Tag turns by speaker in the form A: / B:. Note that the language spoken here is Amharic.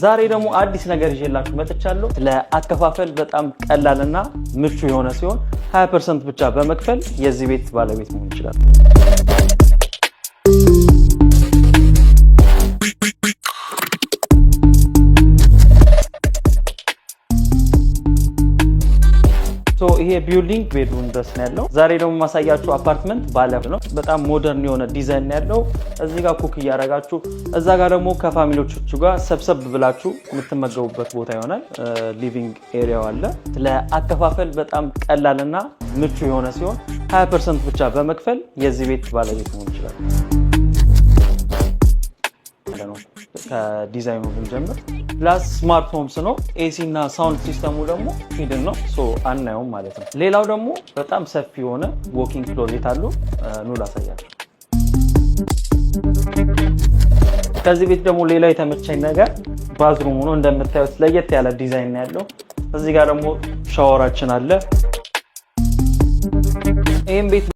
A: ዛሬ ደግሞ አዲስ ነገር ይዤላችሁ መጥቻለሁ። ለአከፋፈል በጣም ቀላልና ምቹ የሆነ ሲሆን 20 ፐርሰንት ብቻ በመክፈል የዚህ ቤት ባለቤት መሆን ይችላል። ይሄ ቢውልዲንግ ቤድሩም ድረስ ነው ያለው። ዛሬ ደግሞ የማሳያችሁ አፓርትመንት ባለ ነው። በጣም ሞደርን የሆነ ዲዛይን ነው ያለው። እዚህ ጋር ኩክ እያረጋችሁ፣ እዛ ጋር ደግሞ ከፋሚሊዎቹ ጋር ሰብሰብ ብላችሁ የምትመገቡበት ቦታ ይሆናል። ሊቪንግ ኤሪያው አለ። ለአከፋፈል በጣም ቀላልና ምቹ የሆነ ሲሆን 20 ፐርሰንት ብቻ በመክፈል የዚህ ቤት ባለቤት መሆን ይችላል። ከዲዛይኑ ብንጀምር ፕላስ ስማርት ሆምስ ነው። ኤሲ እና ሳውንድ ሲስተሙ ደግሞ ፊድን ነው አናየውም ማለት ነው። ሌላው ደግሞ በጣም ሰፊ የሆነ ዎኪንግ ክሎዜት አሉ። ኑ ላሳያቸው። ከዚህ ቤት ደግሞ ሌላ የተመቸኝ ነገር ባዝሩም ሆኖ እንደምታዩት ለየት ያለ ዲዛይን ያለው እዚህ ጋር ደግሞ ሻወራችን አለ። ይህም ቤት